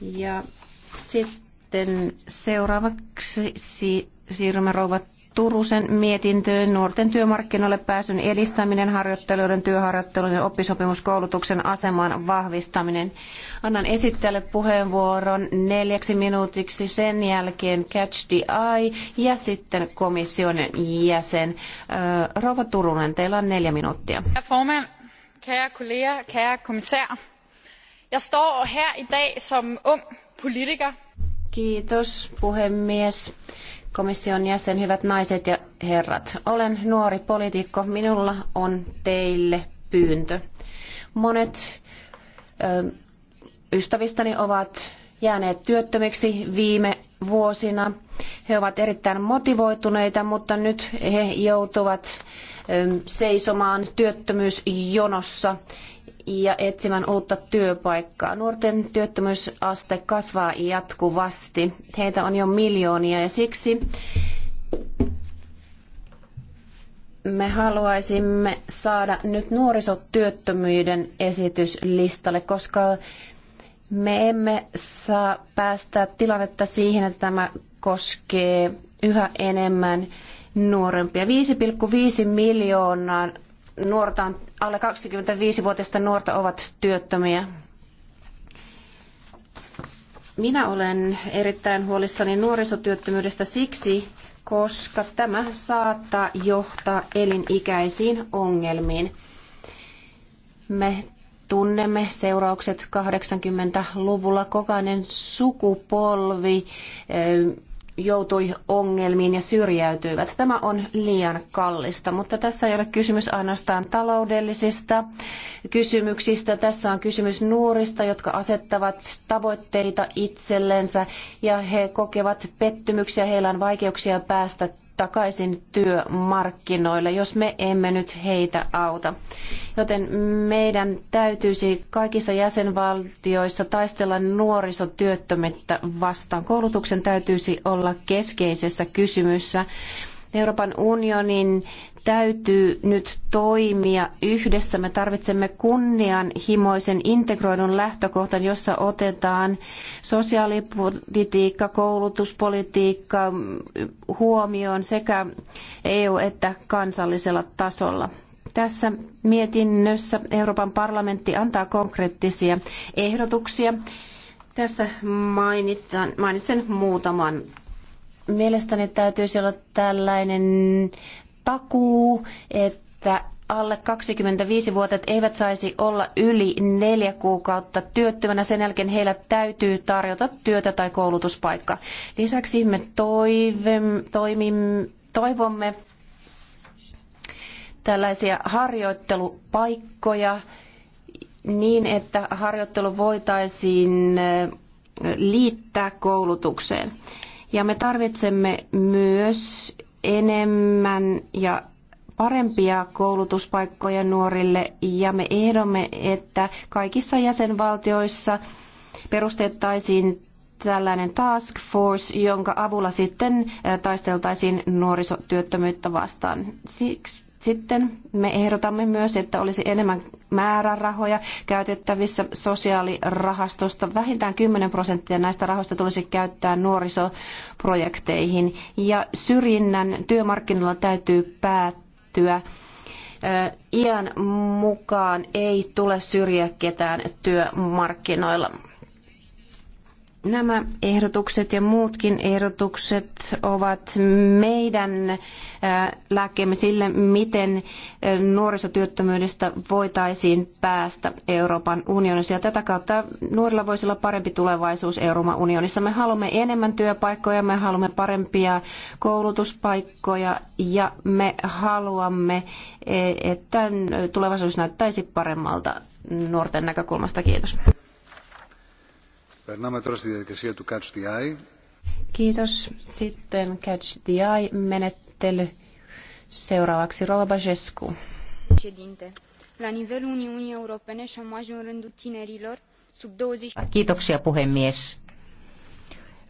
Ja sitten seuraavaksi siirrymme rouva Turusen mietintöön nuorten työmarkkinoille pääsyn edistäminen, harjoitteluiden, työharjoittelun ja oppisopimuskoulutuksen aseman vahvistaminen. Annan esittäjälle puheenvuoron neljäksi minuutiksi, sen jälkeen Catch the Eye ja sitten komission jäsen. Rouva Turunen, teillä on neljä minuuttia. Herr Forman, kære kolleger, kære kommissær. Jag står här i dag som ung politiker. Kiitos puhemies. Komission jäsen, hyvät naiset ja herrat. Olen nuori poliitikko. Minulla on teille pyyntö. Monet ö, ystävistäni ovat jääneet työttömiksi viime vuosina. He ovat erittäin motivoituneita, mutta nyt he joutuvat seisomaan työttömyysjonossa ja etsimään uutta työpaikkaa. Nuorten työttömyysaste kasvaa jatkuvasti. Heitä on jo miljoonia ja siksi me haluaisimme saada nyt nuorisotyöttömyyden esityslistalle, koska me emme saa päästää tilannetta siihen, että tämä koskee yhä enemmän nuorempia. 5,5 miljoonaa nuorta, alle 25-vuotiaista nuorta ovat työttömiä. Minä olen erittäin huolissani nuorisotyöttömyydestä siksi, koska tämä saattaa johtaa elinikäisiin ongelmiin. Me tunnemme seuraukset 80-luvulla kokoinen sukupolvi joutui ongelmiin ja syrjäytyivät. Tämä on liian kallista, mutta tässä ei ole kysymys ainoastaan taloudellisista kysymyksistä. Tässä on kysymys nuorista, jotka asettavat tavoitteita itsellensä ja he kokevat pettymyksiä, heillä on vaikeuksia päästä takaisin työmarkkinoille, jos me emme nyt heitä auta. Joten meidän täytyisi kaikissa jäsenvaltioissa taistella nuorisotyöttömyyttä vastaan. Koulutuksen täytyisi olla keskeisessä kysymyssä Euroopan unionin täytyy nyt toimia yhdessä. Me tarvitsemme kunnianhimoisen integroidun lähtökohtan, jossa otetaan sosiaalipolitiikka, koulutuspolitiikka huomioon sekä EU- että kansallisella tasolla. Tässä mietinnössä Euroopan parlamentti antaa konkreettisia ehdotuksia. Tässä mainitsen muutaman Mielestäni täytyisi olla tällainen takuu, että alle 25-vuotiaat eivät saisi olla yli neljä kuukautta työttömänä. Sen jälkeen heillä täytyy tarjota työtä tai koulutuspaikka. Lisäksi me toivomme tällaisia harjoittelupaikkoja niin, että harjoittelu voitaisiin liittää koulutukseen. Ja me tarvitsemme myös enemmän ja parempia koulutuspaikkoja nuorille ja me ehdomme, että kaikissa jäsenvaltioissa perustettaisiin tällainen task force, jonka avulla sitten taisteltaisiin nuorisotyöttömyyttä vastaan. Siksi sitten me ehdotamme myös, että olisi enemmän määrärahoja käytettävissä sosiaalirahastosta. Vähintään 10 prosenttia näistä rahoista tulisi käyttää nuorisoprojekteihin. Ja syrjinnän työmarkkinoilla täytyy päättyä. Iän mukaan ei tule syrjiä ketään työmarkkinoilla. Nämä ehdotukset ja muutkin ehdotukset ovat meidän lääkkeemme sille, miten nuorisotyöttömyydestä voitaisiin päästä Euroopan unionissa. Ja tätä kautta nuorilla voisi olla parempi tulevaisuus Euroopan unionissa. Me haluamme enemmän työpaikkoja, me haluamme parempia koulutuspaikkoja ja me haluamme, e, että tulevaisuus näyttäisi paremmalta nuorten näkökulmasta. Kiitos. Περνάμε τώρα στη διαδικασία του Catch the Eye. Kiitos. Sitten Catch the Eye-menettely. Seuraavaksi Rova Bajescu. La nivelul Uniunii Europene, șomajul în rândul tinerilor sub 20... Kiitoksia puhemies.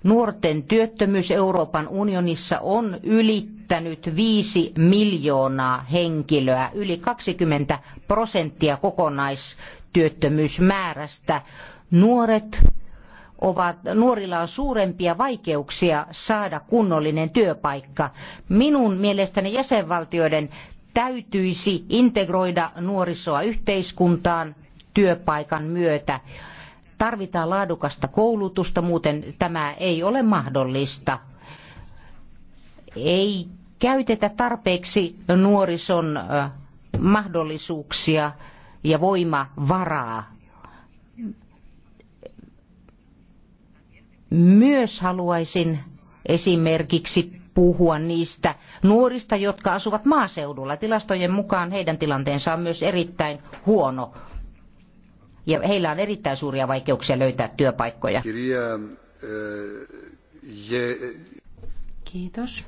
Nuorten työttömyys Euroopan unionissa on ylittänyt 5 miljoonaa henkilöä, yli 20 prosenttia kokonaistyöttömyysmäärästä. Nuoret ovat, nuorilla on suurempia vaikeuksia saada kunnollinen työpaikka. Minun mielestäni jäsenvaltioiden täytyisi integroida nuorisoa yhteiskuntaan työpaikan myötä. Tarvitaan laadukasta koulutusta, muuten tämä ei ole mahdollista. Ei käytetä tarpeeksi nuorison mahdollisuuksia ja voimavaraa Myös haluaisin esimerkiksi puhua niistä nuorista, jotka asuvat maaseudulla. Tilastojen mukaan heidän tilanteensa on myös erittäin huono. Ja heillä on erittäin suuria vaikeuksia löytää työpaikkoja. Äh, Kiitos.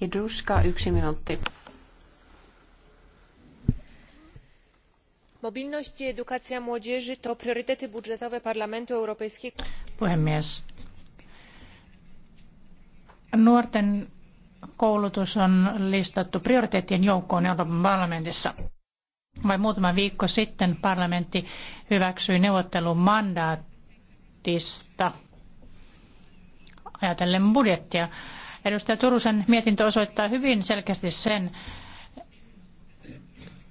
Jedruska, yksi minuutti. mobilność ja edukacja młodzieży to priorytety budżetowe parlamentu europejskiego. puhemies nuorten koulutus on listattu prioriteettien joukkoon Euroopan parlamentissa. Vain muutama viikko sitten parlamentti hyväksyi neuvottelun mandaatista ajatellen budjettia. Edustaja Turusen mietintö osoittaa hyvin selkeästi sen,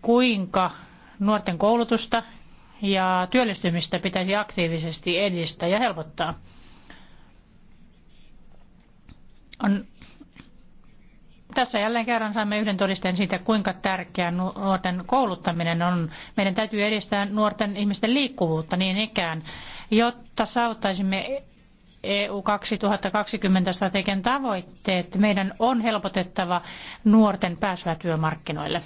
kuinka nuorten koulutusta ja työllistymistä pitäisi aktiivisesti edistää ja helpottaa. On tässä jälleen kerran saamme yhden todisteen siitä, kuinka tärkeää nuorten kouluttaminen on. Meidän täytyy edistää nuorten ihmisten liikkuvuutta niin ikään, jotta saavuttaisimme EU 2020 strategian tavoitteet. Meidän on helpotettava nuorten pääsyä työmarkkinoille.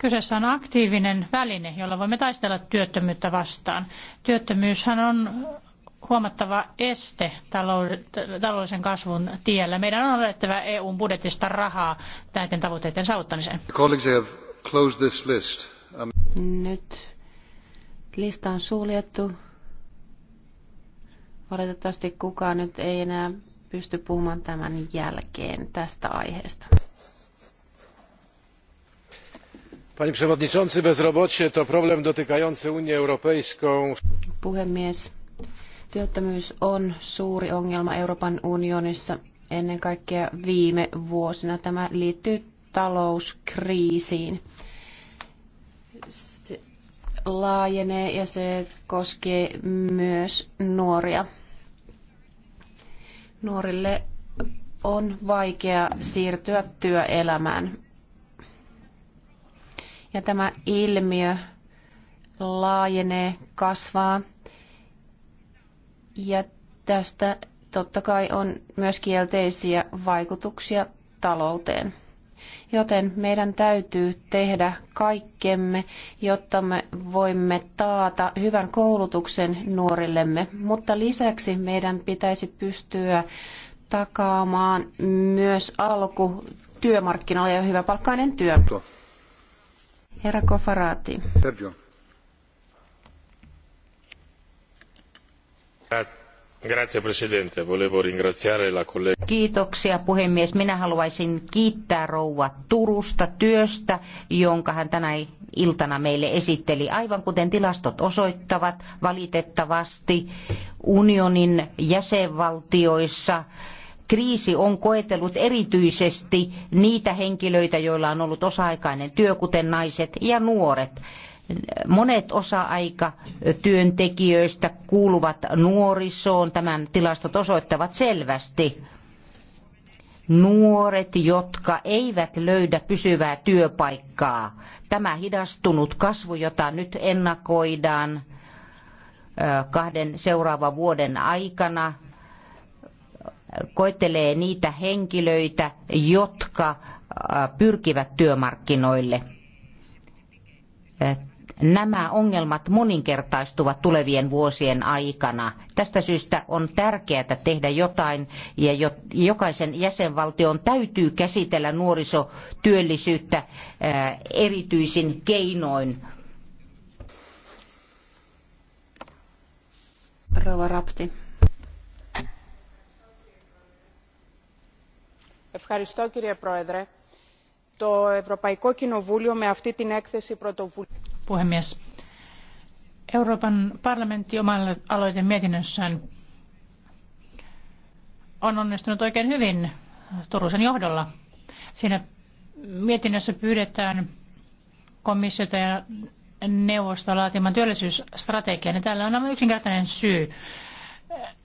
Kyseessä on aktiivinen väline, jolla voimme taistella työttömyyttä vastaan. Työttömyyshän on huomattava este taloudellisen kasvun tiellä. Meidän on löydettävä EUn budjetista rahaa näiden tavoitteiden saavuttamiseen. Um, nyt lista on suljettu. Valitettavasti kukaan nyt ei enää pysty puhumaan tämän jälkeen tästä aiheesta panie przewodniczący! bezrobocie to problem dotykający unię europejską. puhemies työttömyys on suuri ongelma euroopan unionissa ennen kaikkea viime vuosina. tämä liittyy talouskriisiin. Se laajenee ja se koskee myös nuoria. Nuorille on vaikea siirtyä työelämään ja tämä ilmiö laajenee, kasvaa. Ja tästä totta kai on myös kielteisiä vaikutuksia talouteen. Joten meidän täytyy tehdä kaikkemme, jotta me voimme taata hyvän koulutuksen nuorillemme, mutta lisäksi meidän pitäisi pystyä takaamaan myös alku työmarkkinoille ja hyväpalkkainen työ. Herra Kofaraati. Sergio. Kiitoksia puhemies. Minä haluaisin kiittää rouva Turusta työstä, jonka hän tänä iltana meille esitteli. Aivan kuten tilastot osoittavat, valitettavasti unionin jäsenvaltioissa kriisi on koetellut erityisesti niitä henkilöitä, joilla on ollut osa-aikainen työ, kuten naiset ja nuoret. Monet osa-aikatyöntekijöistä kuuluvat nuorisoon, tämän tilastot osoittavat selvästi nuoret, jotka eivät löydä pysyvää työpaikkaa. Tämä hidastunut kasvu, jota nyt ennakoidaan kahden seuraavan vuoden aikana, koettelee niitä henkilöitä, jotka äh, pyrkivät työmarkkinoille. Äh, nämä ongelmat moninkertaistuvat tulevien vuosien aikana. Tästä syystä on tärkeää tehdä jotain ja jokaisen jäsenvaltion täytyy käsitellä nuorisotyöllisyyttä äh, erityisin keinoin. Rova Rapti. arvoisa puhemies euroopan parlamentti omalla aloitemietinnössään on onnistunut oikein hyvin turusen johdolla. siinä mietinnössä pyydetään komissiota ja neuvostoa laatimaan työllisyysstrategian. Niin ja on aivan yksinkertainen syy.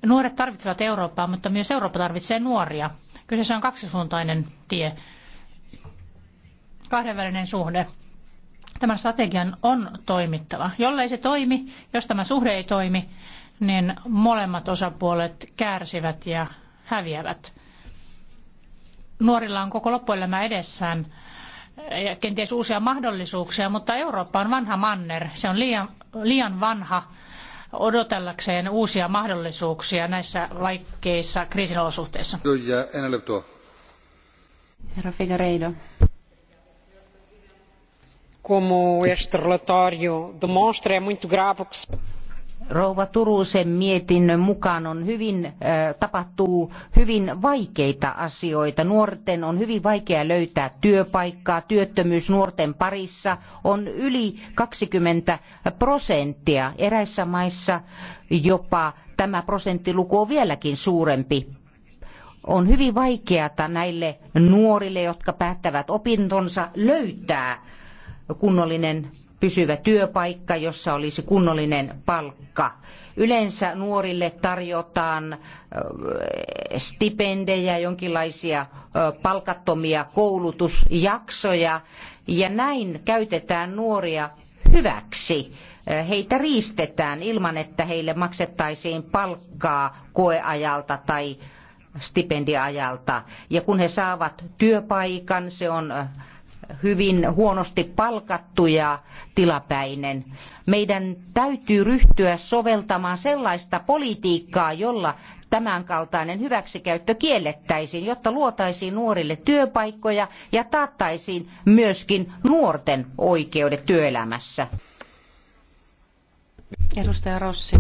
Nuoret tarvitsevat Eurooppaa, mutta myös Eurooppa tarvitsee nuoria. Kyseessä on kaksisuuntainen tie, kahdenvälinen suhde. Tämän strategian on toimittava. Jollei se toimi, jos tämä suhde ei toimi, niin molemmat osapuolet kärsivät ja häviävät. Nuorilla on koko loppuelämä edessään ja kenties uusia mahdollisuuksia, mutta Eurooppa on vanha manner. Se on liian, liian vanha odotellakseen uusia mahdollisuuksia näissä vaikeissa kriisin olosuhteissa. Herra Figueiredo. Como este relatório demonstra, é muito grave o que se Rouva Turusen mietinnön mukaan on hyvin, tapahtuu hyvin vaikeita asioita. Nuorten on hyvin vaikea löytää työpaikkaa. Työttömyys nuorten parissa on yli 20 prosenttia. Eräissä maissa jopa tämä prosenttiluku on vieläkin suurempi on hyvin vaikeaa näille nuorille, jotka päättävät opintonsa, löytää kunnollinen pysyvä työpaikka, jossa olisi kunnollinen palkka. Yleensä nuorille tarjotaan stipendejä, jonkinlaisia palkattomia koulutusjaksoja ja näin käytetään nuoria hyväksi heitä riistetään ilman, että heille maksettaisiin palkkaa koeajalta tai stipendiajalta. Ja kun he saavat työpaikan, se on hyvin huonosti palkattu ja tilapäinen. Meidän täytyy ryhtyä soveltamaan sellaista politiikkaa, jolla tämänkaltainen hyväksikäyttö kiellettäisiin, jotta luotaisiin nuorille työpaikkoja ja taattaisiin myöskin nuorten oikeudet työelämässä. Edustaja Rossi.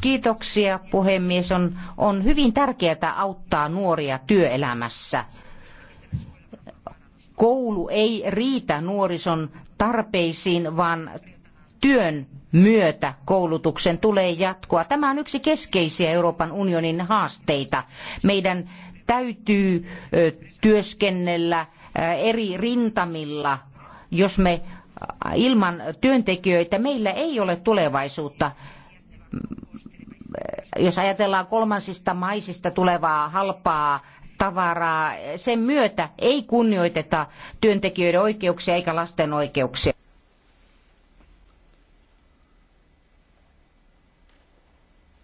Kiitoksia puhemies. On, on hyvin tärkeää auttaa nuoria työelämässä koulu ei riitä nuorison tarpeisiin, vaan työn myötä koulutuksen tulee jatkua. Tämä on yksi keskeisiä Euroopan unionin haasteita. Meidän täytyy työskennellä eri rintamilla, jos me ilman työntekijöitä meillä ei ole tulevaisuutta jos ajatellaan kolmansista maisista tulevaa halpaa tavaraa. Sen myötä ei kunnioiteta työntekijöiden oikeuksia eikä lasten oikeuksia.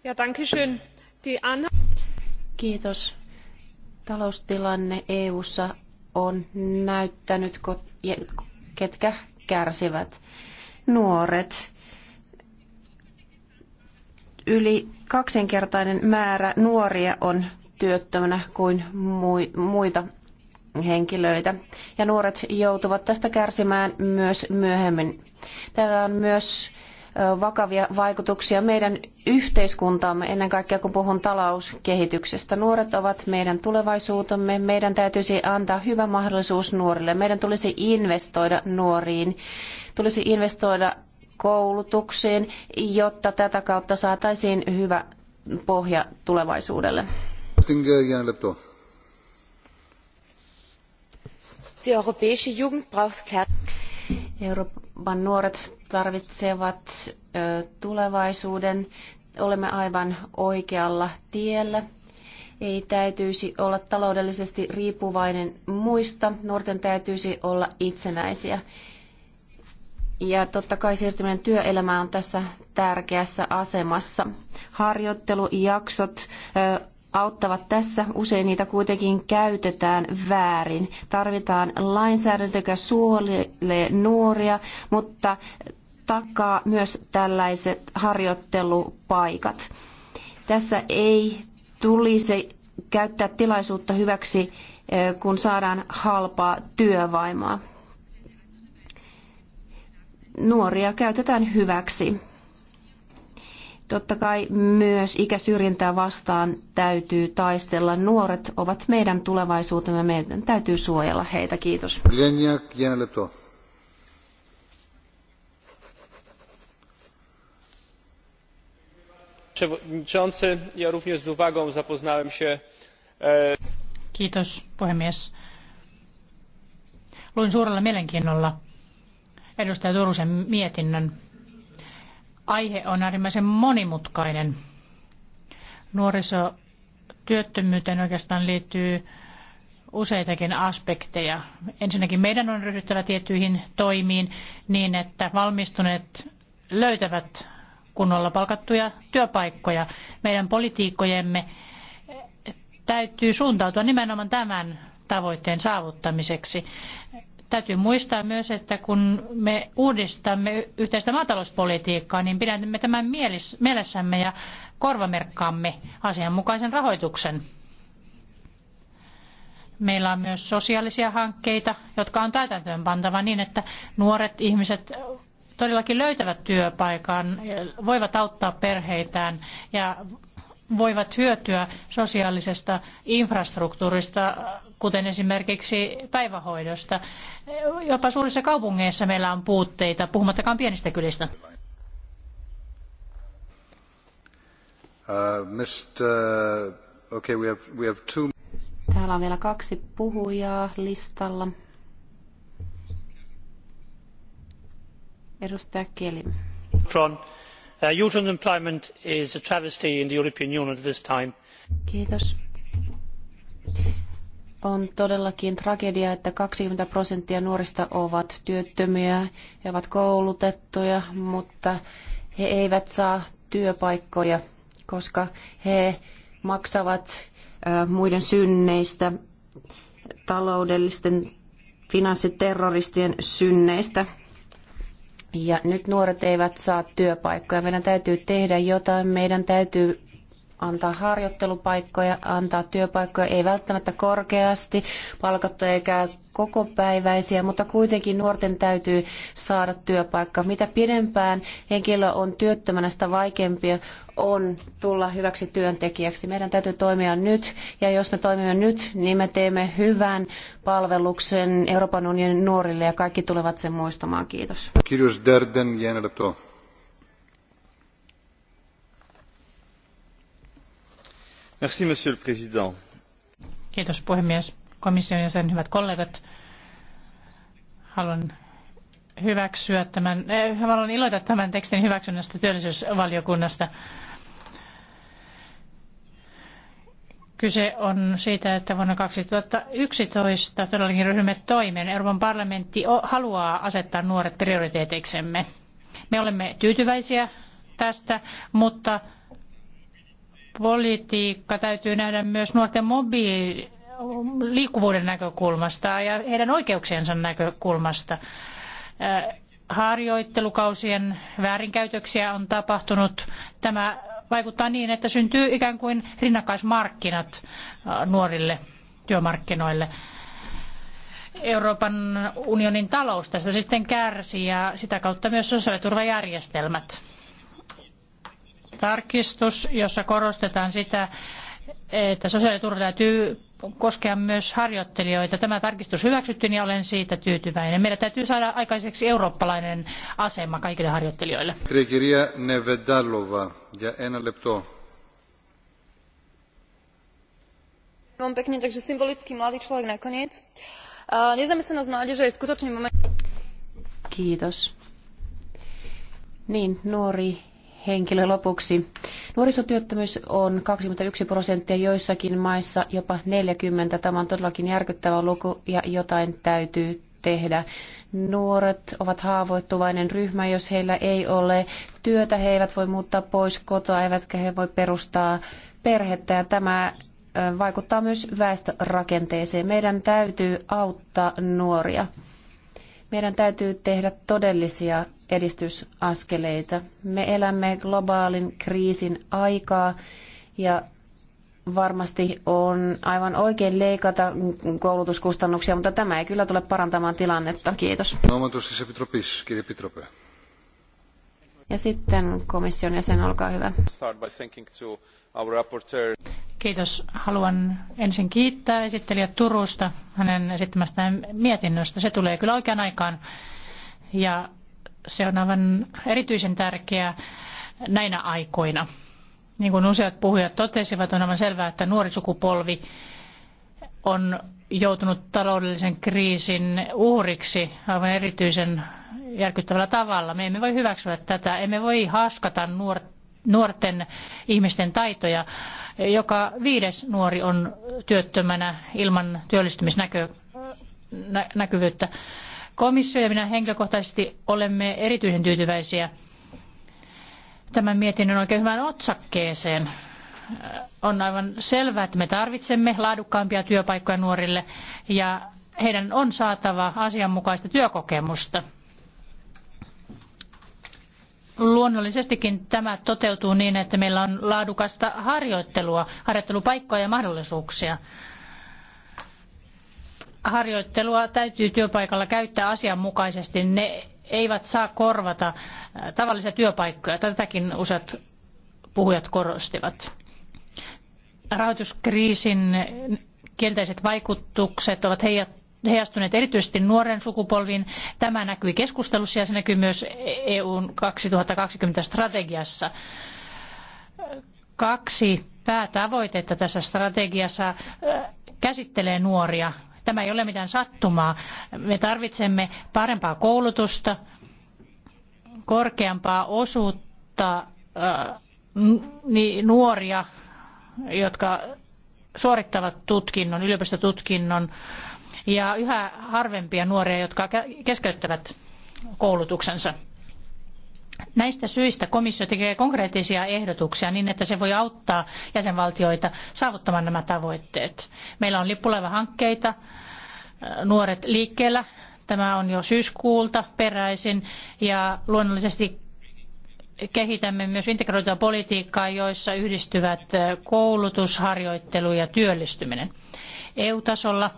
Ja, Kiitos. Taloustilanne EU:ssa on näyttänyt, ketkä kärsivät. Nuoret. Yli kaksinkertainen määrä nuoria on työttömänä kuin muita henkilöitä. Ja nuoret joutuvat tästä kärsimään myös myöhemmin. Täällä on myös vakavia vaikutuksia meidän yhteiskuntaamme, ennen kaikkea kun puhun talouskehityksestä. Nuoret ovat meidän tulevaisuutemme. Meidän täytyisi antaa hyvä mahdollisuus nuorille. Meidän tulisi investoida nuoriin. Tulisi investoida koulutuksiin, jotta tätä kautta saataisiin hyvä pohja tulevaisuudelle. Die europäische Jugend braucht Euroopan nuoret tarvitsevat tulevaisuuden. Olemme aivan oikealla tiellä. Ei täytyisi olla taloudellisesti riippuvainen muista. Nuorten täytyisi olla itsenäisiä. Ja totta kai siirtyminen työelämään on tässä tärkeässä asemassa. Harjoittelujaksot auttavat tässä. Usein niitä kuitenkin käytetään väärin. Tarvitaan lainsäädäntö, joka suojelee nuoria, mutta takaa myös tällaiset harjoittelupaikat. Tässä ei tulisi käyttää tilaisuutta hyväksi, eh, kun saadaan halpaa työvaimaa. Nuoria käytetään hyväksi. Totta kai myös ikäsyrjintää vastaan täytyy taistella. Nuoret ovat meidän tulevaisuutemme, meidän täytyy suojella heitä. Kiitos. przewodniczący! ja e, Kiitos puhemies. Luin suurella mielenkiinnolla edustaja Turusen mietinnön aihe on äärimmäisen monimutkainen. Nuorisotyöttömyyteen oikeastaan liittyy useitakin aspekteja. Ensinnäkin meidän on ryhdyttävä tiettyihin toimiin niin, että valmistuneet löytävät kunnolla palkattuja työpaikkoja. Meidän politiikkojemme täytyy suuntautua nimenomaan tämän tavoitteen saavuttamiseksi. Täytyy muistaa myös, että kun me uudistamme yhteistä maatalouspolitiikkaa, niin pidämme tämän mielessämme ja korvamerkkaamme asianmukaisen rahoituksen. Meillä on myös sosiaalisia hankkeita, jotka on täytäntöönpantava, niin, että nuoret ihmiset todellakin löytävät työpaikan, voivat auttaa perheitään ja voivat hyötyä sosiaalisesta infrastruktuurista, kuten esimerkiksi päivähoidosta. Jopa suurissa kaupungeissa meillä on puutteita, puhumattakaan pienistä kylistä. Uh, Mr. Okay, we have, we have two... Täällä on vielä kaksi puhujaa listalla. Edustaja Kelim. Uh, youth unemployment is a travesty in the european union at this time. On todellakin tragedia, että 20 prosenttia nuorista ovat työttömiä, he ovat koulutettuja, mutta he eivät saa työpaikkoja, koska he maksavat muiden synneistä, taloudellisten finanssiterroristien synneistä. Ja nyt nuoret eivät saa työpaikkoja. Meidän täytyy tehdä jotain. Meidän täytyy antaa harjoittelupaikkoja, antaa työpaikkoja, ei välttämättä korkeasti palkattuja eikä kokopäiväisiä, mutta kuitenkin nuorten täytyy saada työpaikka. Mitä pidempään henkilö on työttömänä, sitä vaikeampi on tulla hyväksi työntekijäksi. Meidän täytyy toimia nyt, ja jos me toimimme nyt, niin me teemme hyvän palveluksen Euroopan unionin nuorille, ja kaikki tulevat sen muistamaan. Kiitos. Kiitos Derden, monsieur le président. Kiitos puhemies. Komission jäsen hyvät kollegat. Haluan hyväksyä tämän, eh, haluan iloita tämän tekstin hyväksynnästä työllisyysvaliokunnasta. Kyse on siitä, että vuonna 2011 todellakin ryhdymme toimeen. Euroopan parlamentti haluaa asettaa nuoret prioriteeteiksemme. Me olemme tyytyväisiä tästä, mutta politiikka täytyy nähdä myös nuorten mobiili liikkuvuuden näkökulmasta ja heidän oikeuksiensa näkökulmasta. Äh, harjoittelukausien väärinkäytöksiä on tapahtunut. Tämä vaikuttaa niin, että syntyy ikään kuin rinnakkaismarkkinat äh, nuorille työmarkkinoille. Euroopan unionin talous tästä sitten kärsii ja sitä kautta myös sosiaaliturvajärjestelmät tarkistus, jossa korostetaan sitä, että sosiaaliturva täytyy koskea myös harjoittelijoita. Tämä tarkistus hyväksyttiin ja olen siitä tyytyväinen. Meidän täytyy saada aikaiseksi eurooppalainen asema kaikille harjoittelijoille. ja Ena Lepto. Kiitos. Niin, nuori henkilö lopuksi. Nuorisotyöttömyys on 21 prosenttia joissakin maissa, jopa 40. Tämä on todellakin järkyttävä luku ja jotain täytyy tehdä. Nuoret ovat haavoittuvainen ryhmä, jos heillä ei ole työtä, he eivät voi muuttaa pois kotoa, eivätkä he voi perustaa perhettä ja tämä vaikuttaa myös väestörakenteeseen. Meidän täytyy auttaa nuoria. Meidän täytyy tehdä todellisia edistysaskeleita. Me elämme globaalin kriisin aikaa ja varmasti on aivan oikein leikata koulutuskustannuksia, mutta tämä ei kyllä tule parantamaan tilannetta. Kiitos. Ja sitten komission jäsen, olkaa hyvä. Kiitos. Haluan ensin kiittää esittelijä Turusta hänen esittämästään mietinnöstä. Se tulee kyllä oikeaan aikaan ja se on aivan erityisen tärkeää näinä aikoina. Niin kuin useat puhujat totesivat, on aivan selvää, että nuori sukupolvi on joutunut taloudellisen kriisin uhriksi aivan erityisen järkyttävällä tavalla. Me emme voi hyväksyä tätä, emme voi haaskata nuorten ihmisten taitoja. Joka viides nuori on työttömänä ilman työllistymisnäkyvyyttä. Komissio ja minä henkilökohtaisesti olemme erityisen tyytyväisiä tämän mietinnön oikein hyvään otsakkeeseen. On aivan selvää, että me tarvitsemme laadukkaampia työpaikkoja nuorille ja heidän on saatava asianmukaista työkokemusta. Luonnollisestikin tämä toteutuu niin, että meillä on laadukasta harjoittelua, harjoittelupaikkoja ja mahdollisuuksia harjoittelua täytyy työpaikalla käyttää asianmukaisesti. Ne eivät saa korvata äh, tavallisia työpaikkoja. Tätäkin useat puhujat korostivat. Rahoituskriisin kielteiset vaikutukset ovat heijastuneet erityisesti nuoren sukupolviin. Tämä näkyy keskustelussa ja se näkyy myös EUn 2020 strategiassa. Kaksi päätavoitetta tässä strategiassa äh, käsittelee nuoria Tämä ei ole mitään sattumaa. Me tarvitsemme parempaa koulutusta, korkeampaa osuutta äh, nuoria, jotka suorittavat tutkinnon, yliopistotutkinnon, ja yhä harvempia nuoria, jotka keskeyttävät koulutuksensa. Näistä syistä komissio tekee konkreettisia ehdotuksia niin, että se voi auttaa jäsenvaltioita saavuttamaan nämä tavoitteet. Meillä on lippulaivahankkeita, äh, nuoret liikkeellä. Tämä on jo syyskuulta peräisin ja luonnollisesti kehitämme myös integroitua politiikkaa, joissa yhdistyvät äh, koulutus, harjoittelu ja työllistyminen. EU-tasolla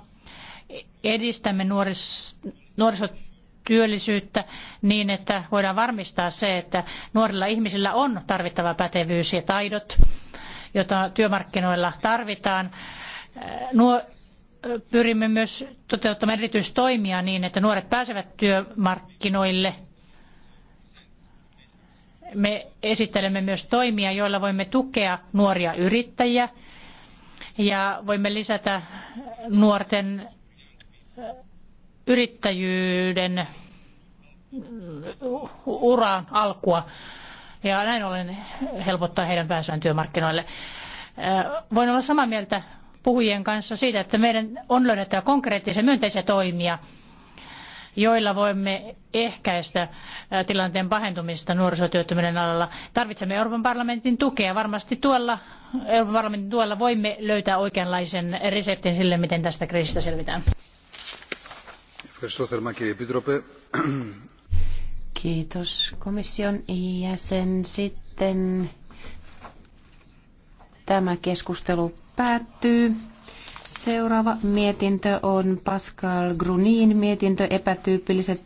edistämme nuoris, nuorisotyötä työllisyyttä niin, että voidaan varmistaa se, että nuorilla ihmisillä on tarvittava pätevyys ja taidot, jota työmarkkinoilla tarvitaan. Nuo, pyrimme myös toteuttamaan erityistoimia niin, että nuoret pääsevät työmarkkinoille. Me esittelemme myös toimia, joilla voimme tukea nuoria yrittäjiä ja voimme lisätä nuorten yrittäjyyden äh, uraan alkua ja näin ollen helpottaa heidän pääsyään työmarkkinoille. Äh, voin olla samaa mieltä puhujien kanssa siitä, että meidän on löydettävä konkreettisia myönteisiä toimia, joilla voimme ehkäistä äh, tilanteen pahentumista nuorisotyöttömyyden alalla. Tarvitsemme Euroopan parlamentin tukea. Varmasti tuolla Euroopan parlamentin tuella voimme löytää oikeanlaisen reseptin sille, miten tästä kriisistä selvitään. Kiitos komission jäsen. Sitten tämä keskustelu päättyy. Seuraava mietintö on Pascal Grunin mietintö epätyypilliset